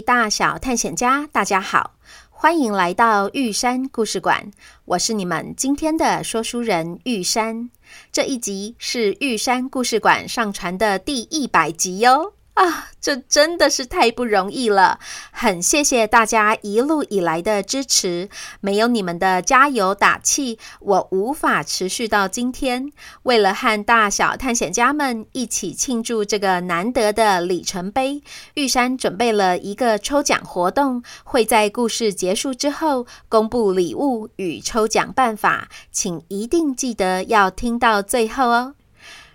大小探險家，大家好，歡迎來到玉山故事館。我是你們今天的說書人玉山，這一集是玉山故事館上傳的第一百集喲。啊，這真的是太不容易了，很謝謝大家一路以來的支持。沒有你們的加油打氣，我無法持續到今天。為了和大小探險家們一起慶祝這個難得的里程碑，玉山準備了一個抽獎活動，會在故事結束之後公布禮物與抽獎辦法，請一定記得要聽到最後哦。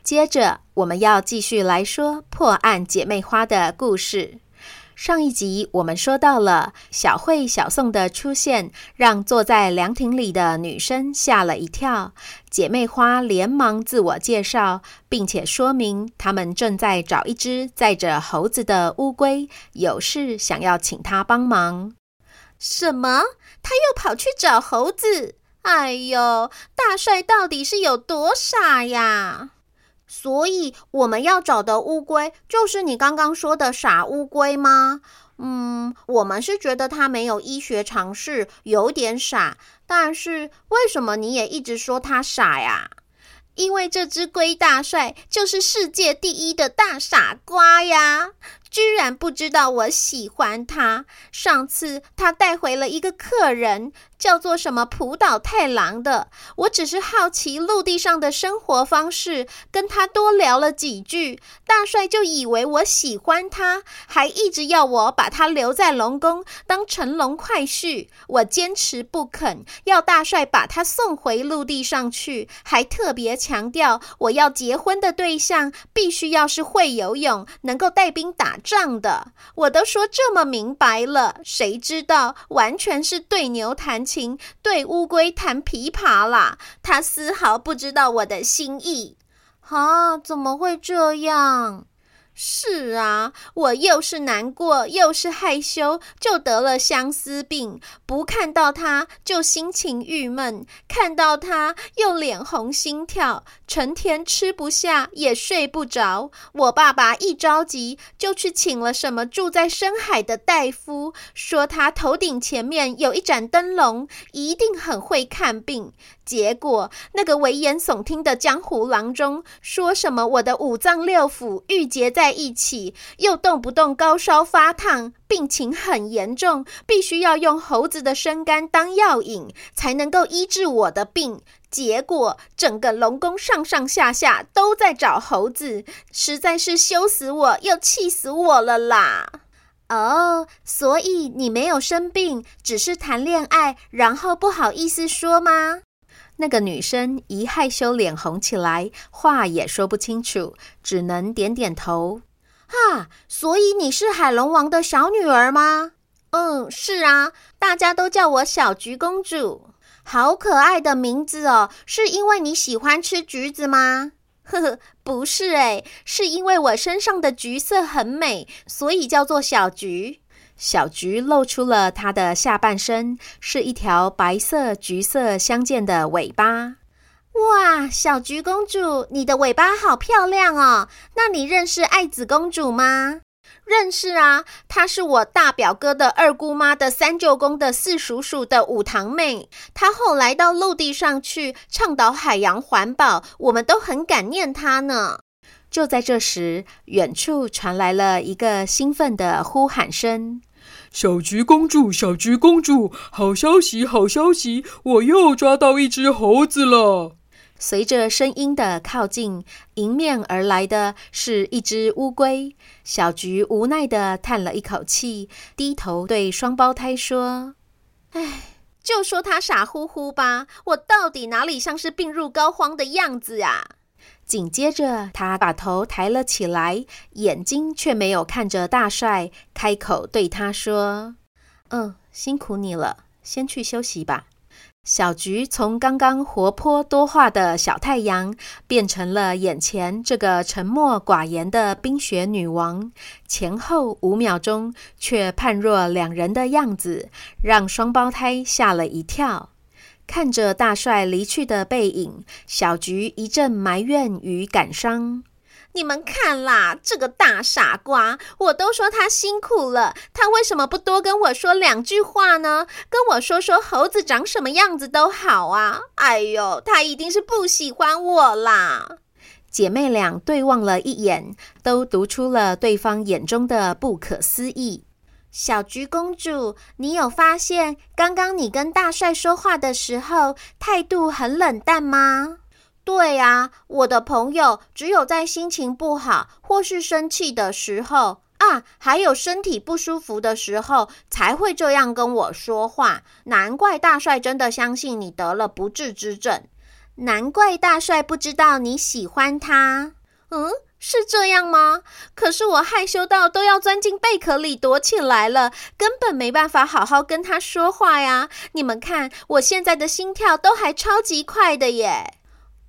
接着，我們要繼續來說破案姐妹花的故事。上一集我們說到了小慧、小宋的出現，讓坐在涼亭裡的女生嚇了一跳。姐妹花連忙自我介紹，並且說明她們正在找一隻載着猴子的烏龜，有事想要請他幫忙。什麼？他又跑去找猴子？哎呦，大帥到底是有多傻呀？所以我們要找的烏龜，就是你剛剛說的傻烏龜嗎？嗯，我們是覺得它沒有醫學常識，有點傻。但是為什麼你也一直說它傻呀？因為這隻龜大帥就是世界第一的大傻瓜呀！居然不知道我喜歡他。上次他帶回了一個客人，叫做什麼浦島太郎的。我只是好奇陸地上的生活方式，跟他多聊了幾句。大帥就以為我喜歡他，還一直要我把他留在龍宮當乘龍快婿。我堅持不肯，要大帥把他送回陸地上去，還特別強調我要結婚的對象必須要是會游泳，能夠帶兵打賬的，我都說這麼明白了，誰知道完全是對牛彈琴，對烏龜彈琵琶啦！他絲毫不知道我的心意，啊，怎麼會這樣？是啊，我又是難過，又是害羞，就得了相思病。不看到他，就心情鬱悶；看到他，又臉紅心跳。成天吃不下也睡不着，我爸爸一着急就去請了什麼住在深海的大夫，說他頭頂前面有一盞燈籠，一定很會看病。結果那個危言聳聽的江湖郎中說什麼我的五臟六腑鬱結在一起，又動不動高燒發燙，病情很嚴重，必須要用猴子的生肝當藥引才能夠醫治我的病。結果整個龍宮上上下下都在找猴子，實在是羞死我，又氣死我了啦！哦，所以你沒有生病，只是談戀愛，然後不好意思說嗎？那個女生一害羞臉紅起來，話也說不清楚，只能點點頭。哈，所以你是海龍王的小女兒嗎？嗯，是啊，大家都叫我小橘公主。好可愛的名字哦！是因為你喜歡吃橘子嗎？呵呵，不是誒，是因為我身上的橘色很美，所以叫做小橘。小橘露出了它的下半身，是一條白色橘色相間的尾巴。哇，小橘公主，你的尾巴好漂亮哦！那你認識愛子公主嗎？認識啊，她是我大表哥的二姑媽的三舅公的四叔叔的五堂妹。她後來到陸地上去倡導海洋環保，我們都很感念她呢。就在這時，遠處傳來了一個興奮的呼喊聲：“小橘公主，小橘公主，好消息，好消息！我又抓到一隻猴子了。”隨着聲音的靠近，迎面而來的是一隻烏龜。小橘無奈的嘆了一口氣，低頭對雙胞胎說：“哎，就說他傻乎乎吧，我到底哪裡像是病入膏肓的樣子呀、啊？”緊接着，他把頭抬了起來，眼睛卻沒有看着大帥，開口對他說：“嗯，辛苦你了，先去休息吧。”小橘從剛剛活潑多話的小太陽，變成了眼前這個沉默寡言的冰雪女王，前後五秒鐘卻判若兩人的樣子，讓雙胞胎嚇了一跳。看着大帥離去的背影，小橘一陣埋怨與感傷。你們看啦，這個大傻瓜，我都說他辛苦了，他為什麼不多跟我說兩句話呢？跟我說說猴子長什麼樣子都好啊！哎呦，他一定是不喜歡我啦！姐妹倆對望了一眼，都讀出了對方眼中的不可思議。小橘公主，你有發現剛剛你跟大帥說話的時候態度很冷淡嗎？對啊，我的朋友只有在心情不好或是生氣的時候啊，還有身體不舒服的時候才會這樣跟我說話。難怪大帥真的相信你得了不治之症，難怪大帥不知道你喜歡他。嗯，是這樣嗎？可是我害羞到都要鑽進貝殼裡躲起來了，根本沒辦法好好跟他說話呀。你們看，我現在的心跳都還超級快的耶。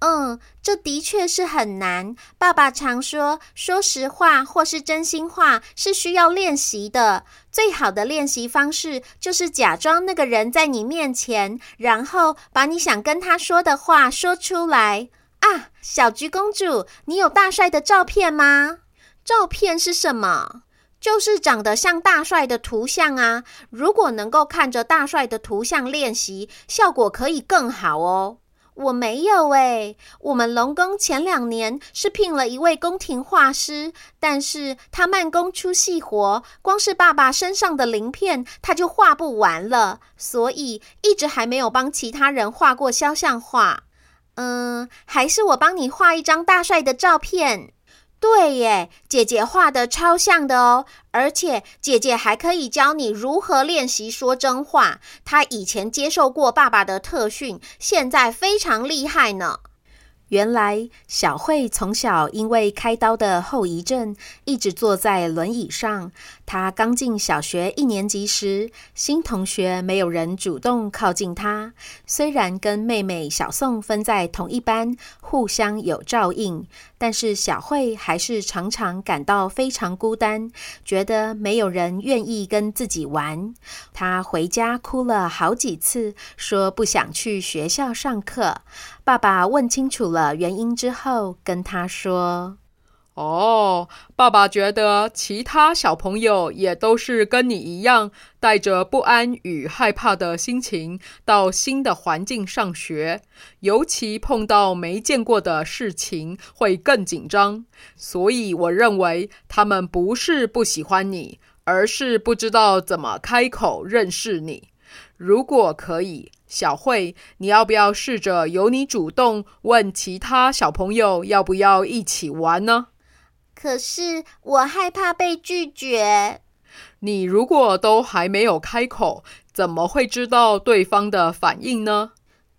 嗯，這的確是很難。爸爸常說，說實話或是真心話是需要練習的。最好的練習方式就是假裝那個人在你面前，然後把你想跟他說的話說出來。啊，小橘公主，你有大帥的照片嗎？照片是什麼？就是長得像大帥的圖像啊。如果能夠看着大帥的圖像練習，效果可以更好哦。我沒有哎、欸，我們龍宮前兩年是聘了一位宮廷畫師，但是他慢工出細活，光是爸爸身上的鱗片他就畫不完了，所以一直還沒有幫其他人畫過肖像畫。嗯，還是我幫你畫一張大帥的照片。對耶，姐姐畫的超像的哦，而且姐姐還可以教你如何練習說真話。她以前接受過爸爸的特訓，現在非常厲害呢！原來，小慧從小因為開刀的後遺症，一直坐在輪椅上。她剛進小學一年級時，新同學沒有人主動靠近她。雖然跟妹妹小宋分在同一班，互相有照應，但是小慧還是常常感到非常孤單，覺得沒有人願意跟自己玩。她回家哭了好幾次，說不想去學校上課。爸爸問清楚了原因之後，跟他說：“哦，oh, 爸爸覺得其他小朋友也都是跟你一樣，帶着不安與害怕的心情到新的環境上學，尤其碰到沒見過的事情會更緊張。所以我認為他們不是不喜歡你，而是不知道怎麼開口認識你。如果可以。”小慧，你要不要試着由你主動問其他小朋友要不要一起玩呢？可是我害怕被拒絕。你如果都還沒有開口，怎麼會知道對方的反應呢？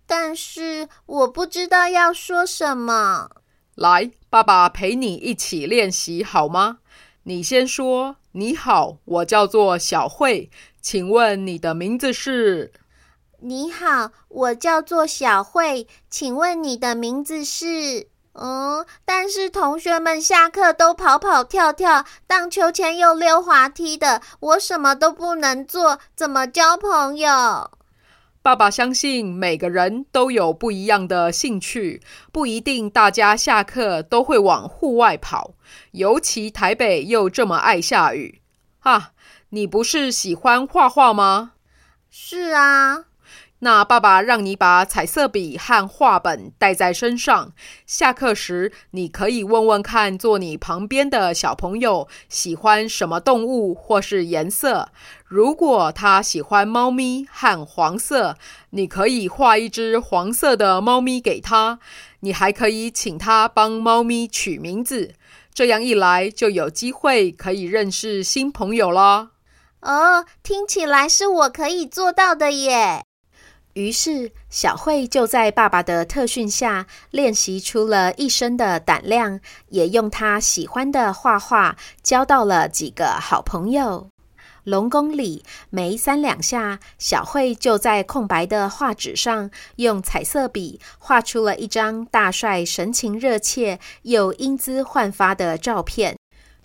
但是我不知道要說什麼。來，爸爸陪你一起練習好嗎？你先說：“你好，我叫做小慧，請問你的名字是？”你好，我叫做小慧。請問你的名字是？嗯，但是同學們下課都跑跑跳跳、盪秋千又溜滑梯的，我什麼都不能做，怎麼交朋友？爸爸相信每個人都有不一樣的興趣，不一定大家下課都會往戶外跑，尤其台北又這麼愛下雨。哈，你不是喜歡畫畫嗎？是啊。那爸爸讓你把彩色筆和畫本帶在身上。下課時，你可以問問看坐你旁邊的小朋友喜歡什麼動物或是顏色。如果他喜歡貓咪和黃色，你可以畫一隻黃色的貓咪給他。你還可以請他幫貓咪取名字，這樣一來就有機會可以認識新朋友啦。哦，聽起來是我可以做到的耶！於是，小慧就在爸爸的特訓下，練習出了一身的膽量，也用她喜歡的畫畫交到了幾個好朋友。龍宮裡沒三兩下，小慧就在空白的畫紙上用彩色筆畫出了一張大帥神情熱切又英姿煥發的照片。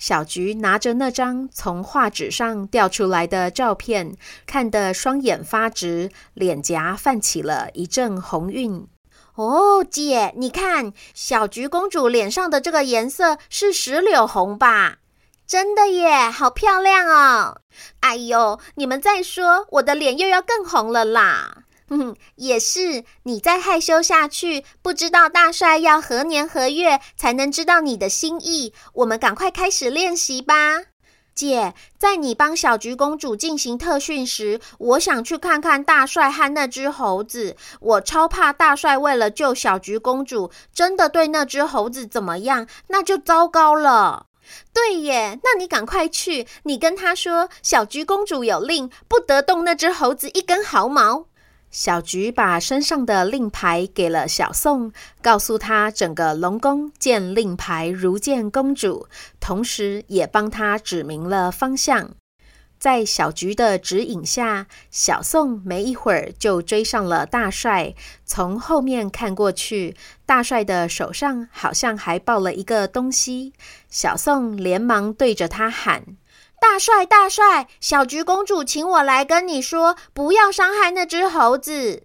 小菊拿着那張從畫紙上掉出來的照片，看得雙眼發直，臉頰泛起了一陣紅暈。哦，姐，你看，小菊公主臉上的這個顏色是石榴紅吧？真的耶，好漂亮哦！哎喲，你們再說，我的臉又要更紅了啦！哼、嗯，也是。你再害羞下去，不知道大帥要何年何月才能知道你的心意。我們趕快開始練習吧。姐，在你幫小菊公主進行特訓時，我想去看看大帥和那只猴子。我超怕大帥為了救小菊公主，真的對那只猴子怎麼樣，那就糟糕了。對耶，那你趕快去，你跟他說，小菊公主有令，不得動那只猴子一根毫毛。小橘把身上的令牌給了小宋，告訴他整個龍宮見令牌如見公主，同時也幫他指明了方向。在小橘的指引下，小宋沒一會兒就追上了大帥。從後面看過去，大帥的手上好像還抱了一個東西。小宋連忙對着他喊。大帥，大帥，小橘公主請我來跟你說，不要傷害那隻猴子。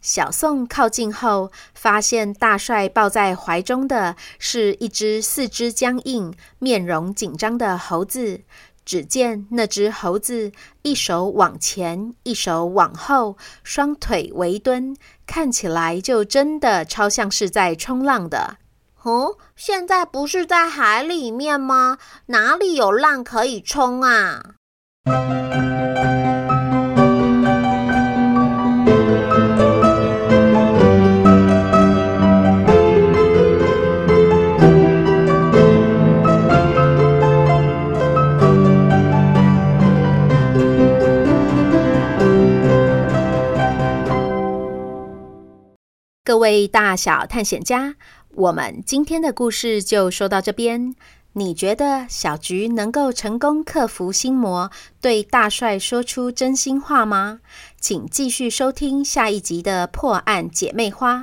小宋靠近後，發現大帥抱在懷中的是一隻四肢僵硬、面容緊張的猴子。只見那隻猴子一手往前，一手往後，雙腿微蹲，看起來就真的超像是在衝浪的。哦、嗯，現在不是在海裡面嗎？哪裡有浪可以沖啊？各位大小探險家。我們今天的故事就說到這邊。你覺得小橘能夠成功克服心魔，對大帥說出真心話嗎？請繼續收聽下一集的《破案姐妹花》。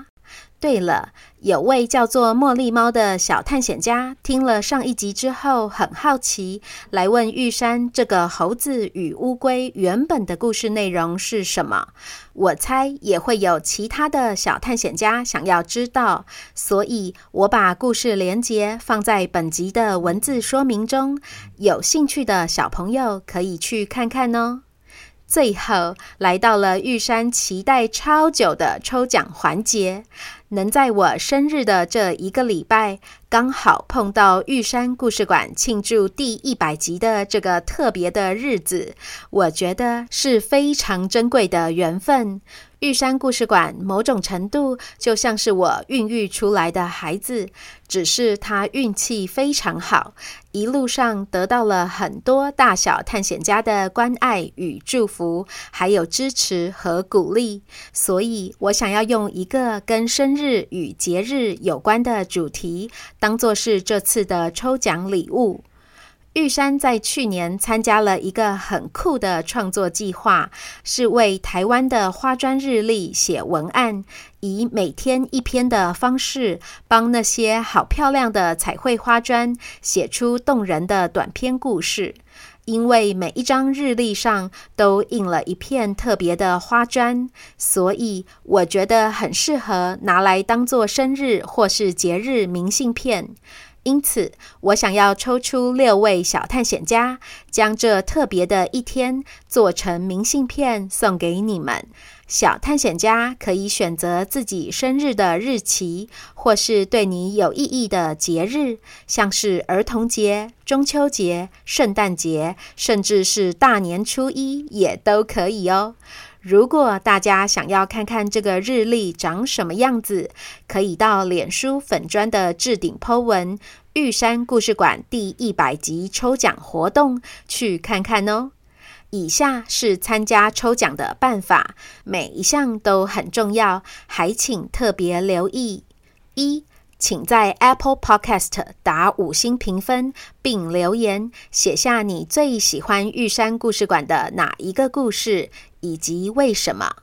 對了，有位叫做茉莉貓的小探險家聽了上一集之後很好奇，來問玉山這個猴子與烏龜原本的故事內容是什麼？我猜也會有其他的小探險家想要知道，所以我把故事連結放在本集的文字說明中，有興趣的小朋友可以去看看哦。最後來到了玉山期待超久的抽獎環節。能在我生日的這一個禮拜，剛好碰到玉山故事館慶祝第一百集的這個特別的日子，我覺得是非常珍貴的緣分。玉山故事館某種程度就像是我孕育出來的孩子，只是他運氣非常好，一路上得到了很多大小探險家的關愛與祝福，還有支持和鼓勵。所以，我想要用一個跟生日日與節日有關的主題，當做是這次的抽獎禮物。玉山在去年參加了一個很酷的創作計劃，是為台灣的花磚日曆寫文案，以每天一篇的方式，幫那些好漂亮的彩繪花磚寫出動人的短篇故事。因為每一張日曆上都印了一片特別的花磚，所以我覺得很適合拿來當做生日或是節日明信片。因此，我想要抽出六位小探險家，將這特別的一天做成明信片送給你們。小探險家可以選擇自己生日的日期，或是對你有意義的節日，像是兒童節、中秋節、聖誕節，甚至是大年初一，也都可以哦。如果大家想要看看這個日曆長什麼樣子，可以到臉書粉專的置頂 po 文《玉山故事館》第一百集抽獎活動去看看哦。以下是參加抽獎的辦法，每一項都很重要，還請特別留意。一，請在 Apple Podcast 打五星評分，並留言寫下你最喜歡玉山故事館的哪一個故事。以及為什麼？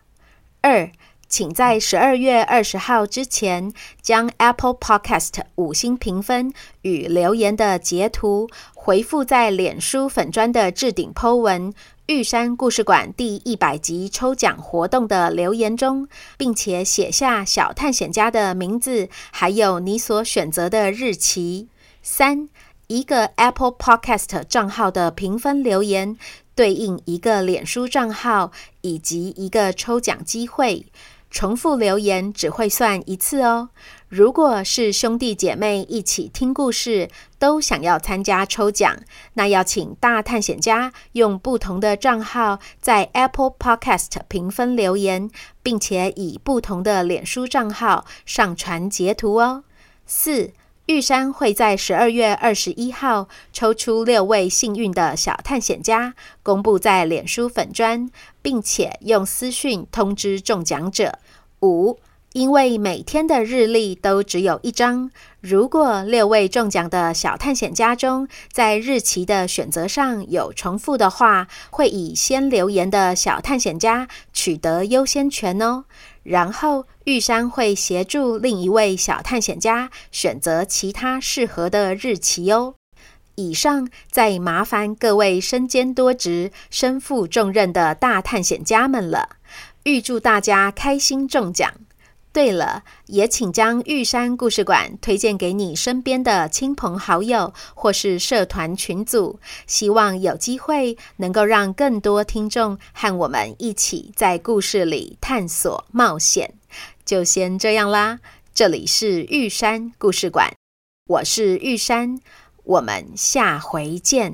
二，請在十二月二十號之前將 Apple Podcast 五星評分與留言的截圖回復在臉書粉專的置頂 Po 文《玉山故事館》第一百集抽獎活動的留言中，並且寫下小探險家的名字，還有你所選擇的日期。三，一個 Apple Podcast 賬號的評分留言。對應一個臉書賬號以及一個抽獎機會，重複留言只會算一次哦。如果是兄弟姐妹一起聽故事，都想要參加抽獎，那要請大探險家用不同的賬號在 Apple Podcast 評分留言，並且以不同的臉書賬號上傳截圖哦。四。玉山會在十二月二十一號抽出六位幸運的小探險家，公布在臉書粉專，並且用私訊通知中獎者。五，因為每天的日曆都只有一張，如果六位中獎的小探險家中在日期的選擇上有重複的話，會以先留言的小探險家取得優先權哦。然後玉山會協助另一位小探險家選擇其他適合的日期哦。以上再麻煩各位身兼多職、身負重任的大探險家們了。預祝大家開心中獎。對了，也請將玉山故事館推薦給你身邊的親朋好友或是社團群組，希望有機會能夠讓更多聽眾和我們一起在故事裡探索冒險。就先這樣啦，這裡是玉山故事館，我是玉山，我們下回見。